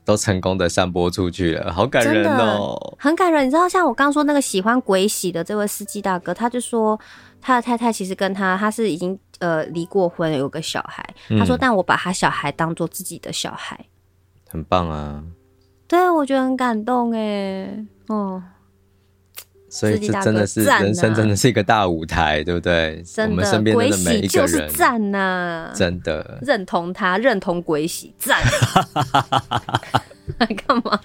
都成功的散播出去了，好感人哦，很感人。你知道，像我剛說那個喜歡鬼洗的這位司機大哥，他就說他的太太其實跟他他是已經呃離過婚，有個小孩。嗯、他說，但我把他小孩當做自己的小孩，很棒啊。對，我覺得很感動哎，哦、嗯。所以這真的是人生，真的是一個大舞台，啊、對不對？我們身邊的每一個人就是讚、啊，真的，認同他，認同鬼喜，讚，幹 嘛？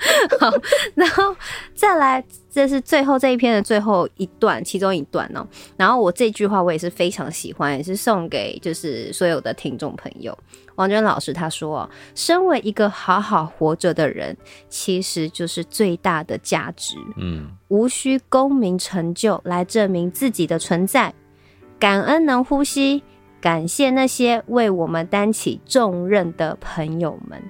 然後再來，這是最後這一篇的最後一段，其中一段哦、喔。然後我這句話我也是非常喜歡，也是送給就是所有的聽眾朋友。王琄老師他說：“身為一個好好活着的人，其實就是最大的價值。嗯，無需功名成就來證明自己的存在。感恩能呼吸，感謝那些為我們擔起重任的朋友們。”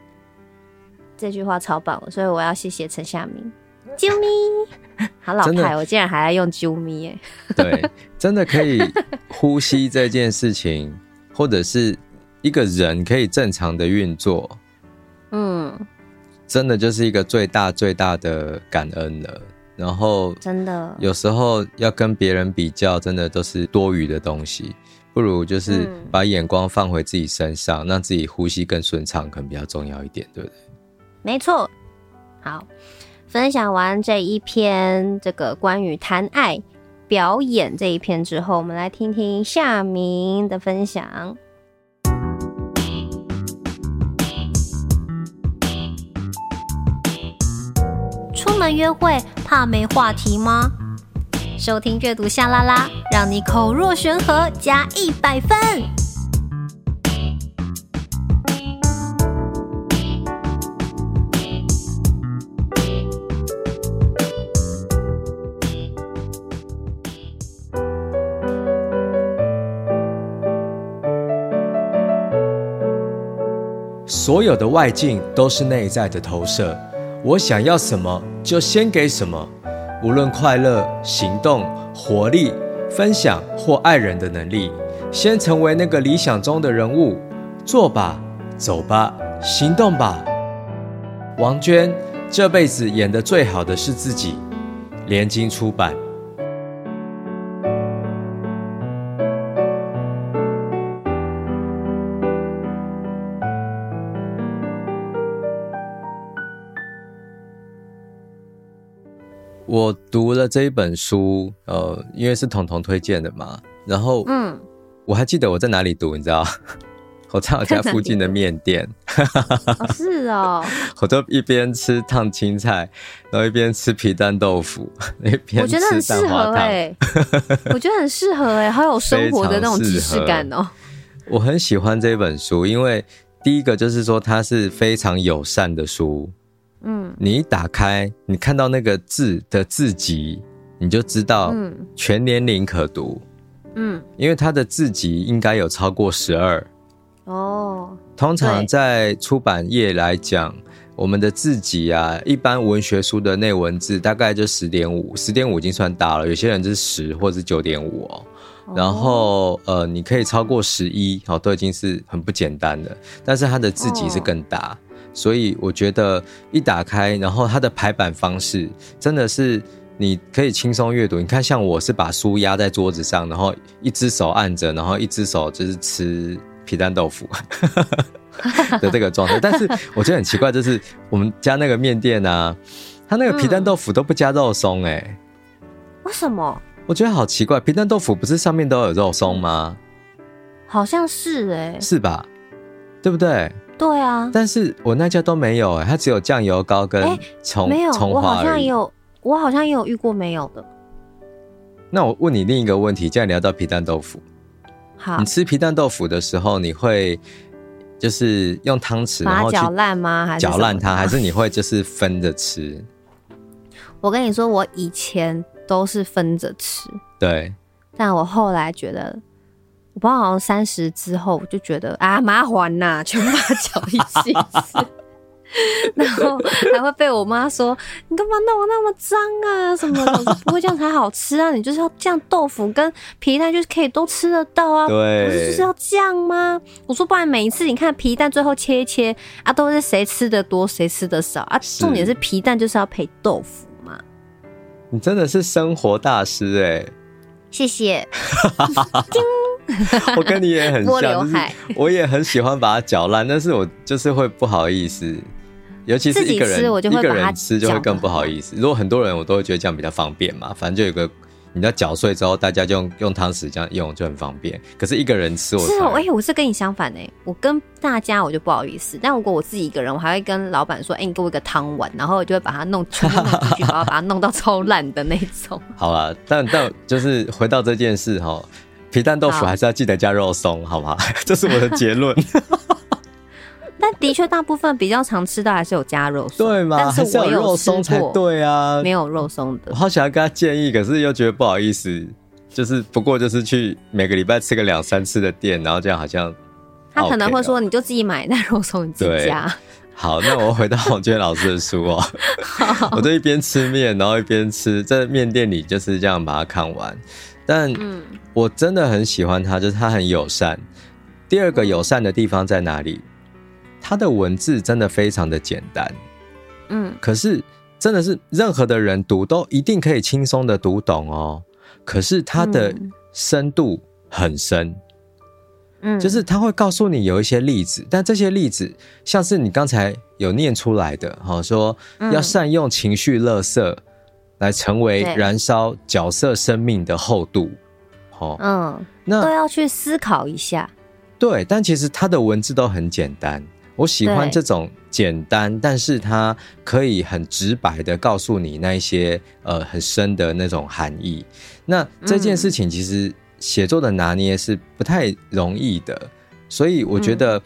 這句話超棒，所以我要謝謝陳夏民，啾咪，好老派，哦，我竟然還要用啾咪耶。欸、 對，真的可以呼吸這件事情， 或者是一個人可以正常的運作，嗯，真的就是一個最大最大的感恩了。然後真的，有時候要跟別人比較，真的都是多餘的東西，不如就是把眼光放回自己身上，嗯、讓自己呼吸更順暢，可能比較重要一點，對不對？沒錯，好，分享完這一篇這個關於談愛表演這一篇之後，我們來聽聽夏民的分享。出門約會怕沒話題嗎？收聽閱讀夏 LaLa，讓你口若懸河加一百分。所有的外境都是內在的投射。我想要什麼，就先給什麼。無論快樂、行動、活力、分享或愛人的能力，先成為那個理想中的人物。做吧，走吧，行動吧。王琄這輩子演得最好的是自己。聯經出版。我讀了這一本書，呃，因為是童童推薦的嘛，然後，嗯，我還記得我在哪裡讀，你知道？我在我家附近的麵店， 哦是哦。我就一邊吃燙青菜，然後一邊吃皮蛋豆腐，那邊我覺得很適合哎，我覺得很適合哎， 好有生活的那種儀式感哦。 我很喜歡這一本書，因為第一個就是說它是非常友善的書。嗯，你一打開，你看到那個字的字級，你就知道，嗯，全年齡可讀，嗯，因為它的字級應該有超過十二，哦，通常在出版業來講，我們的字級啊，一般文學書的內文字大概就十點五，十點五已經算大了，有些人是十或是九點五哦，然後呃，你可以超過十一，好，都已經是很不簡單的，但是它的字級是更大哦。所以我覺得一打開，然後它的排版方式真的是你可以輕鬆閱讀。你看，像我是把書壓在桌子上，然後一隻手按着，然後一隻手就是吃皮蛋豆腐的這個狀態。 但是我覺得很奇怪，就是我們家那個麵店啊，它那個皮蛋豆腐都不加肉鬆欸。為什麼？我覺得好奇怪，皮蛋豆腐不是上面都有肉鬆嗎？好像是欸，是吧？對不對？對啊，但是我那家都沒有誒、欸，它只有醬油膏跟蔥蔥花沒有，我好像也有，我好像也有遇過沒有的。那我問你另一個問題，既然聊到皮蛋豆腐，好，你吃皮蛋豆腐的時候，你會就是用湯匙，然後去攪爛嗎？還是攪爛它？還是你會就是分着吃？ 我跟你說，我以前都是分着吃，對。但我後來覺得。我爸好像三十之後我就覺得啊麻煩吶、啊，全部把它攪一起吃， 然後還會被我媽說你幹嘛弄我那麼髒啊什麼的？不會這樣才好吃啊？你就是要醬豆腐跟皮蛋，就是可以都吃得到啊。對，不是就是要醬嗎？我說不然每一次你看皮蛋最後切一切啊，都是誰吃的多誰吃的少啊？重點是皮蛋就是要配豆腐嘛。你真的是生活大師哎、欸！謝謝。 我跟你也很像，就是、我也很喜歡把它攪爛， 但是我就是會不好意思，尤其是一個人，吃我就會把它吃，就會更不好意思。如果很多人，我都會覺得這樣比較方便嘛。反正就有個，你要攪碎之後，大家就用用湯匙這樣用就很方便。可是一個人吃我，是哦？哎、欸，我是跟你相反的、欸、我跟大家我就不好意思，但如果我自己一個人，我還會跟老闆說，哎、欸，你給我一個湯碗，然後我就會把它弄、全部弄進去，然後把它弄到超爛的那種。 好啊，但但就是回到這件事哈。皮蛋豆腐還是要記得加肉鬆，好不好？這是我的結論。 但的確，大部分比較常吃的還是有加肉鬆，對嗎？但是，我有吃過沒有肉鬆的。還是有肉鬆才對啊，沒有肉鬆的。我好想要跟他建議，可是又覺得不好意思。就是不過，就是去每個禮拜吃個兩三次的店，然後這樣好像、OK、他可能會說，你就自己買那肉鬆，你自己加。好，那我回到王琄老師的書哦、喔， 我就一邊吃麵，然後一邊吃，在麵店裡就是這樣把它看完。但我真的很喜歡他，就是他很友善。第二個友善的地方在哪裡？他的文字真的非常的簡單，嗯，可是真的是任何的人讀都一定可以輕鬆的讀懂哦。可是他的深度很深，嗯，嗯就是他會告訴你有一些例子，但這些例子像是你剛才有念出來的哈，說要善用情緒垃圾。來成為燃燒角色生命的厚度，哦、嗯，那都要去思考一下。對，但其實它的文字都很簡單，我喜歡這種簡單，但是它可以很直白的告訴你那一些呃很深的那種含義。那這件事情其實寫作的拿捏是不太容易的，嗯、所以我覺得。嗯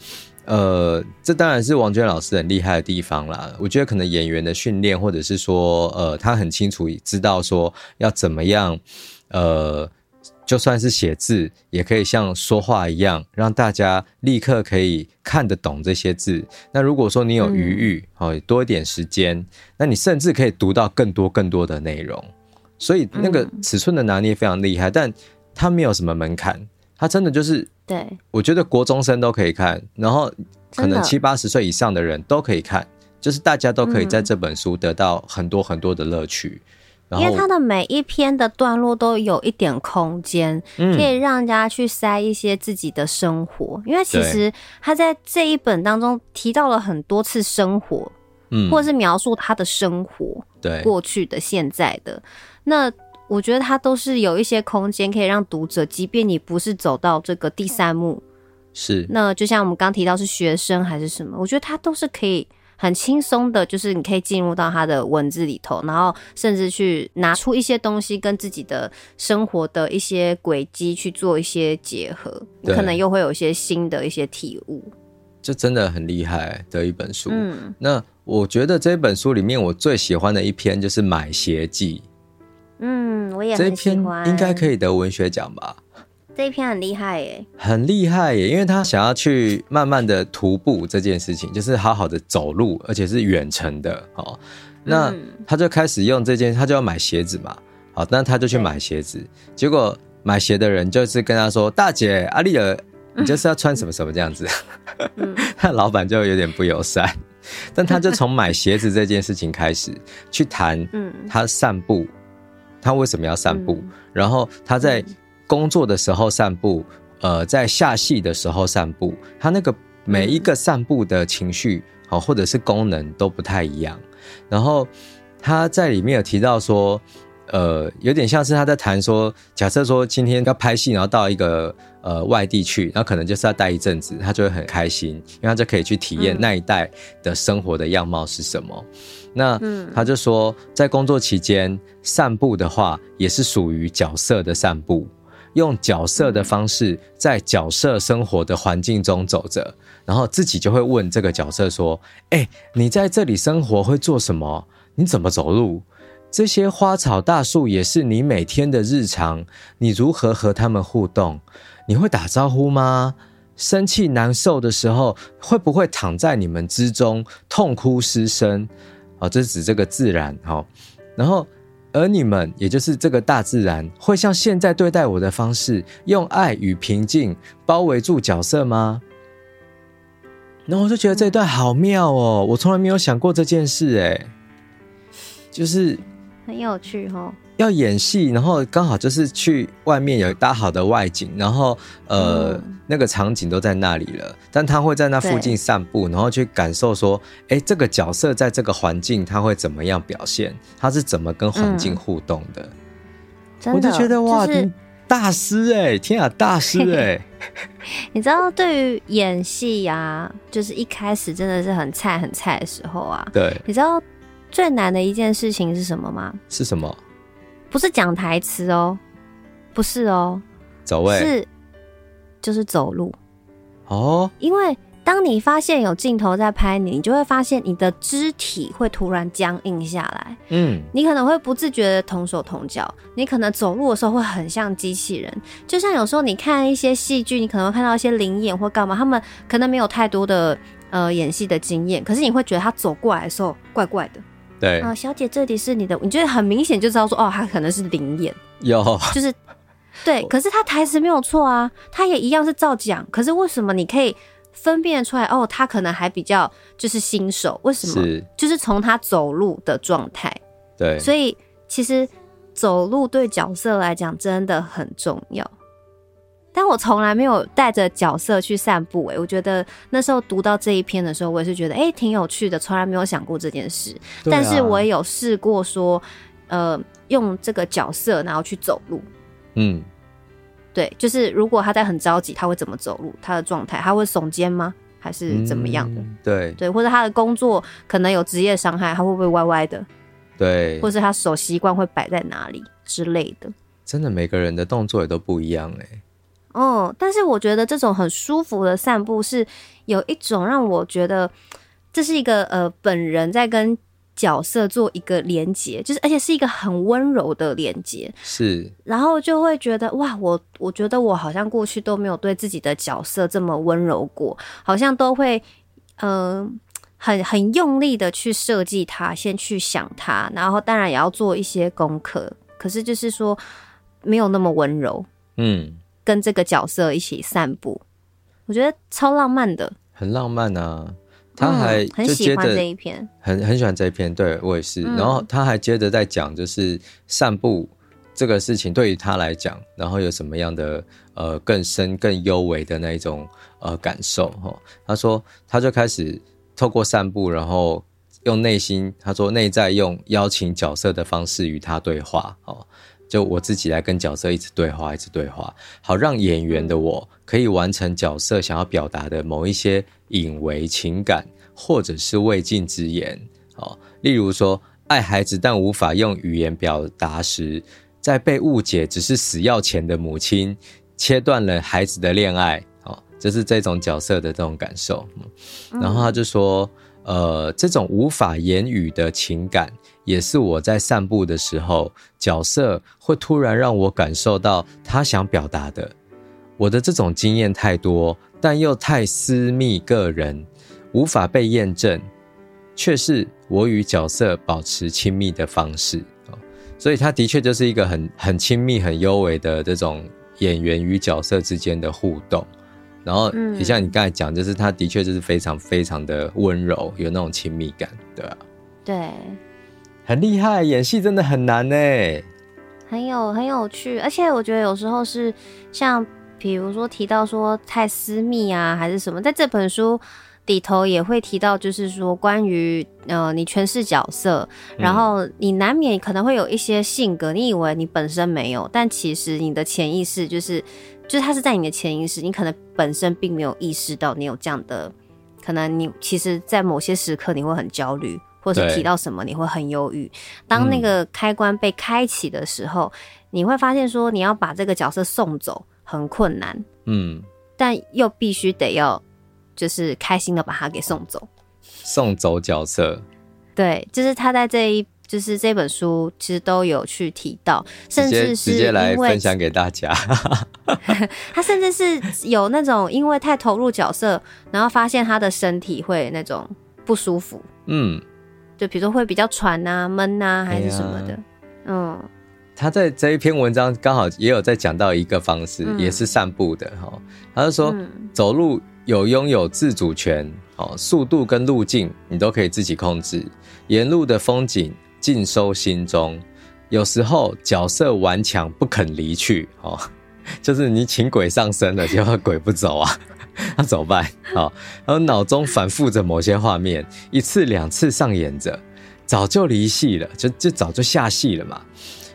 呃，這當然是王琄老師很厲害的地方啦。我覺得可能演員的訓練，或者是說，呃，他很清楚知道說要怎麼樣，呃，就算是寫字，也可以像說話一樣，讓大家立刻可以看得懂這些字。那如果說你有餘裕，好、嗯、多一點時間，那你甚至可以讀到更多更多的內容。所以那個尺寸的拿捏非常厲害，但他沒有什麼門檻，他真的就是。對，我覺得國中生都可以看，然後可能七八十歲以上的人都可以看，就是大家都可以在這本書得到很多很多的樂趣。嗯、因為他的每一篇的段落都有一點空間、嗯，可以讓人家去塞一些自己的生活。因為其實他在這一本當中提到了很多次生活，嗯、或是描述他的生活，對過去的、現在的那。我覺得它都是有一些空間可以讓讀者，即便你不是走到這個第三幕，是。那就像我們剛提到是學生還是什麼，我覺得它都是可以很輕鬆的，就是你可以進入到他的文字裡頭，然後甚至去拿出一些東西跟自己的生活的一些軌跡去做一些結合，你可能又會有一些新的一些體悟。這真的很厲害的一本書。嗯，那我覺得這本書裡面我最喜歡的一篇就是《買鞋記》。嗯，我也很喜歡，這一篇應該可以得文學獎吧？這一篇很厲害耶，欸，很厲害耶！因為他想要去慢慢的徒步這件事情，就是好好的走路，而且是遠程的哦，喔。那他就開始用這件，他就要買鞋子嘛。好，那他就去買鞋子，嗯，結果買鞋的人就是跟他說：“嗯，大姐阿麗的，你就是要穿什麼什麼這樣子。嗯”那 老闆就有點不友善，但他就從買鞋子這件事情開始去談，嗯，他散步。嗯他為什麼要散步？然後他在工作的時候散步，呃，在下戲的時候散步，他那個每一個散步的情緒，好、呃、或者是功能都不太一樣。然後他在裡面有提到說，呃，有點像是他在談說，假設說今天要拍戲，然後到一個，呃，外地去，然後可能就是要待一陣子，他就會很開心，因為他就可以去體驗那一帶的生活的樣貌是什麼。嗯、那，他就說，在工作期間散步的話，也是屬於角色的散步，用角色的方式在角色生活的環境中走着，然後自己就會問這個角色說：“哎、欸，你在這裡生活會做什麼？你怎麼走路？這些花草大樹也是你每天的日常，你如何和他們互動？”你會打招呼嗎？生氣難受的時候，會不會躺在你們之中痛哭失聲？哦，這是指這個自然哈、哦。然後，而你們，也就是這個大自然，會像現在對待我的方式，用愛與平靜包圍住角色嗎？然後我就覺得這一段好妙哦，我從來沒有想過這件事，哎，就是很有趣哈、哦。要演戲，然後剛好就是去外面有搭好的外景，然後呃、嗯，那個場景都在那裡了。但他會在那附近散步，然後去感受說，哎、欸，這個角色在這個環境他會怎麼樣表現？他是怎麼跟環境互動的，嗯、真的？我就覺得哇，就是、大師哎、欸，天啊，大師哎、欸！ 你知道，對於演戲啊，就是一開始真的是很菜很菜的時候啊，對，你知道最難的一件事情是什麼嗎？是什麼？不是講台詞哦，不是哦，走位是就是走路哦。因為當你發現有鏡頭在拍你，你就會發現你的肢體會突然僵硬下來。嗯，你可能會不自覺的同手同腳，你可能走路的時候會很像機器人。就像有時候你看一些戲劇，你可能會看到一些臨演或幹嘛，他們可能沒有太多的呃演戲的經驗，可是你會覺得他走過來的時候怪怪的。對啊，小姐，這裡是你的，你覺得很明顯就知道說，哦，他可能是臨演。有，就是，對，可是他台詞沒有錯啊，他也一樣是照講，可是為什麼你可以分辨出來，哦，他可能還比較就是新手，為什麼？是，就是從他走路的狀態，對，所以其實走路對角色來講真的很重要。但我從來沒有帶着角色去散步、欸，哎，我覺得那時候讀到這一篇的時候，我也是覺得哎、欸、挺有趣的，從來沒有想過這件事。啊、但是我也有試過說，呃，用這個角色然後去走路，嗯，對，就是如果他在很着急，他會怎麼走路？他的狀態，他會聳肩嗎？還是怎麼樣的？嗯、對，對，或者他的工作可能有職業傷害，他會不會歪歪的？對，或是他手習慣會擺在哪裡之類的？真的，每個人的動作也都不一樣、欸，哎。哦、嗯，但是我覺得這種很舒服的散步是有一種讓我覺得這是一個呃，本人在跟角色做一個連接，就是而且是一個很溫柔的連接，是。然後就會覺得哇，我我覺得我好像過去都沒有對自己的角色這麼溫柔過，好像都會嗯、呃、很很用力的去設計它，先去想它，然後當然也要做一些功課，可是就是說沒有那麼溫柔，嗯。跟這個角色一起散步，我覺得超浪漫的，很浪漫啊！他還很、嗯、很喜歡這一篇，很很喜歡這一篇，對，我也是。然後他還接着在講，就是散步這個事情對於他來講，然後有什麼樣的呃更深更幽微的那種呃感受哈、喔。他說他就開始透過散步，然後用內心，他說內在用邀請角色的方式與他對話哦。喔就我自己來跟角色一直對話，一直對話，好讓演員的我可以完成角色想要表達的某一些隱微情感，或者是未盡之言。哦，例如說愛孩子但無法用語言表達時，在被誤解只是死要錢的母親切斷了孩子的戀愛。好，哦，這是這種角色的這種感受。嗯。然後他就說，呃，這種無法言語的情感。也是我在散步的時候，角色會突然讓我感受到他想表達的。我的這種經驗太多，但又太私密、個人，無法被驗證，卻是我與角色保持親密的方式。所以，他的確就是一個很很親密、很優美的這種演員與角色之間的互動，然後，嗯，也像你剛才講，就是他的確就是非常非常的溫柔，有那種親密感，對吧？對。很厲害，演戲真的很難呢、欸。很有很有趣，而且我覺得有時候是像，比如說提到說太私密啊，還是什麼，在這本書裡頭也會提到，就是說關於呃你詮釋角色、嗯，然後你難免可能會有一些性格，你以為你本身沒有，但其實你的潛意識就是，就是它是在你的潛意識，你可能本身並沒有意識到你有這樣的，可能你其實在某些時刻你會很焦慮。或是提到什麼，你會很猶豫。當那個開關被開啟的時候，嗯，你會發現說，你要把這個角色送走很困難。嗯，但又必須得要，就是開心的把他給送走。送走角色，對，就是他在這一，就是這本書其實都有去提到，直接甚至是直接來分享給大家。 他甚至是有那種因為太投入角色，然後發現他的身體會那種不舒服。嗯。就比如說會比較喘啊、悶啊，還是什麼的，哎，嗯，他在這一篇文章剛好也有在講到一個方式，嗯、也是散步的哈，哦。他就說、嗯、走路有擁有自主權，哦，速度跟路徑你都可以自己控制，沿路的風景盡收心中。有時候角色頑強不肯離去，哈、哦，就是你請鬼上身了， 結果鬼不走啊。那、 啊、怎麼辦？好，然後腦中反覆着某些畫面，一次兩次上演着，早就離戲了，就就早就下戲了嘛。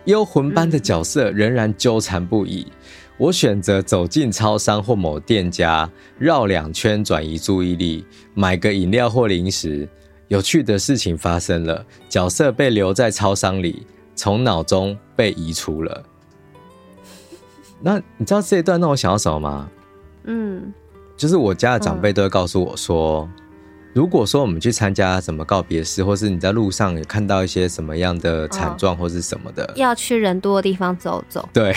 幽魂般的角色仍然糾纏不已。我選擇走進超商或某店家，繞兩圈轉移注意力，買個飲料或零食。有趣的事情發生了，角色被留在超商裡，從腦中被移除了。那你知道這一段那我想要什麼嗎？嗯。就是我家的長輩都會告訴我說、嗯，如果說我們去參加什麼告別式，或是你在路上看到一些什麼樣的慘狀，或是什麼的、哦，要去人多的地方走走。對，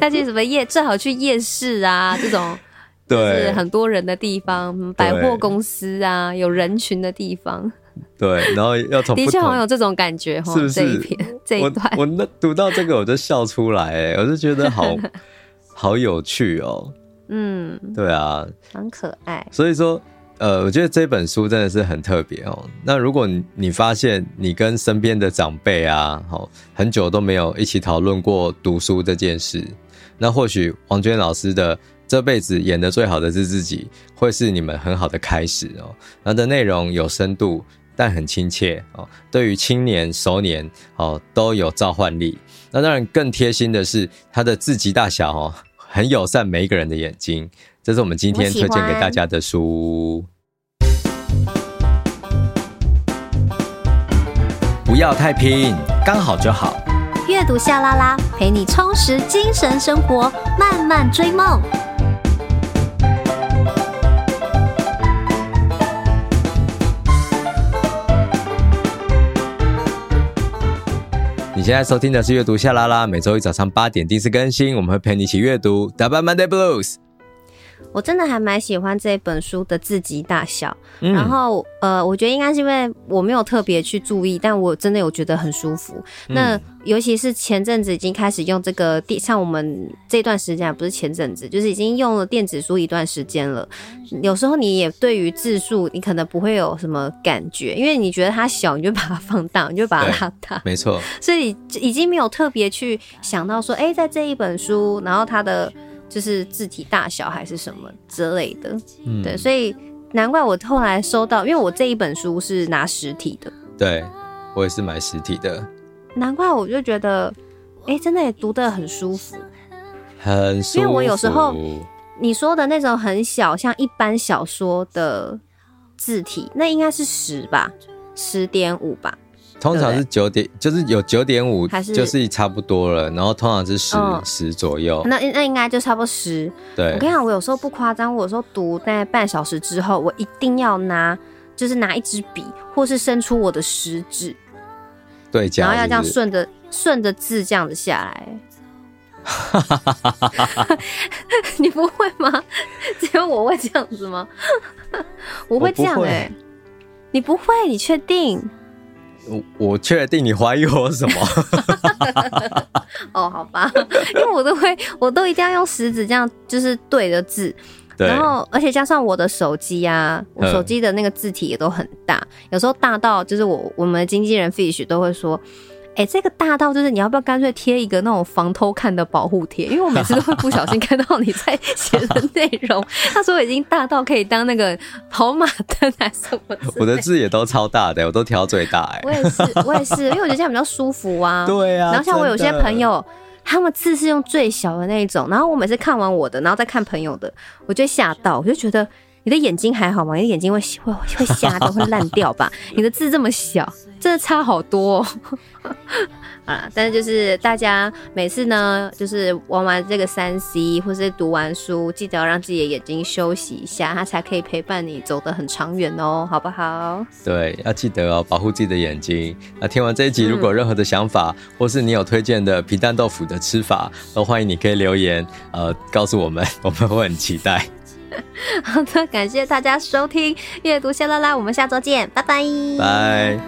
要 去什麼夜，最好去夜市啊，這種對很多人的地方，百貨公司啊，有人群的地方。對，然後要從的確好有這種感覺哈，是不是這一篇這一段？我，我那讀到這個我就笑出來、欸，我就覺得好。 好有趣哦，嗯，對啊，很可愛。所以說，呃，我覺得這本書真的是很特別哦。那如果你發現你跟身邊的長輩啊，好、哦，很久都沒有一起討論過讀書這件事，那或許王琄老師的這輩子演得最好的是自己，會是你們很好的開始哦。他的內容有深度，但很親切哦，對於青年、熟年哦都有召喚力。那當然更貼心的是它的字級大小哦。很友善每一個人的眼睛，這是我們今天推薦給大家的書。不要太拼，剛好就好。閱讀夏拉拉，陪你充實精神生活，慢慢追夢。現在收聽的是閱讀夏 LaLa，每週一早上八點定時更新，我們會陪你一起閱讀打敗 Monday Blues。我真的還蠻喜歡這本書的字級大小，嗯、然後呃，我覺得應該是因為我沒有特別去注意，但我真的有覺得很舒服。那尤其是前陣子已經開始用這個電，像我們這段時間不是前陣子，就是已經用了電子書一段時間了。有時候你也對於字數，你可能不會有什麼感覺，因為你覺得它小，你就把它放大，你就把它拉大，沒錯。所以已經沒有特別去想到說，哎、欸，在這一本書，然後它的。就是字體大小還是什麼之類的、嗯，對，所以難怪我後來收到，因為我這一本書是拿實體的，對，我也是買實體的，難怪我就覺得，哎、欸，真的也讀得很舒服，很舒服。因為我有時候你說的那種很小，像一般小說的字體，那應該是十吧，十點五吧。通常是九點，就是有九點五，還是就是差不多了。然後通常是十十、嗯、左右。那那應該就差不多十。對，我跟你講我有時候不誇張，我有時候讀大概半小時之後，我一定要拿，就是拿一支筆，或是伸出我的食指。對，然後要這樣順着順着字這樣子下來。 你不會嗎？只有我會這樣子嗎？ 我會這樣哎、欸，你不會？你確定？我我，確定你懷疑我什麼 ？ 哦，好吧，因為我都會，我都一定要用食指這樣，就是對着字對，然後而且加上我的手機啊，我手機的那個字體也都很大，有時候大到就是我我們的經紀人 Fish 都會說。哎、欸，這個大到就是你要不要乾脆貼一個那種防偷看的保護貼？因為我每次都會不小心看到你在寫的內容。 他說我已經大到可以當那個跑馬燈還是什麼？我的字也都超大的，欸，我都調最大，欸。我也是，我也是，因為我覺得這樣比較舒服啊。 對啊。然後像我有些朋友，他們字是用最小的那一種，然後我每次看完我的，然後再看朋友的，我就會嚇到，我就覺得。你的眼睛還好嗎？你的眼睛會會會瞎，都會爛掉吧？ 你的字這麼小，真的差好多喔。啊！ 但是就是大家每次呢，就是玩完這個三 C 或是讀完書，記得要讓自己的眼睛休息一下，它才可以陪伴你走得很長遠哦，好不好？對，要記得哦，保護自己的眼睛。那聽完這一集，如果有任何的想法、嗯、或是你有推薦的皮蛋豆腐的吃法，都歡迎你可以留言，呃，告訴我們，我們會很期待。好的，感謝大家收聽閱讀夏 LaLa，我們下周見，拜拜。拜。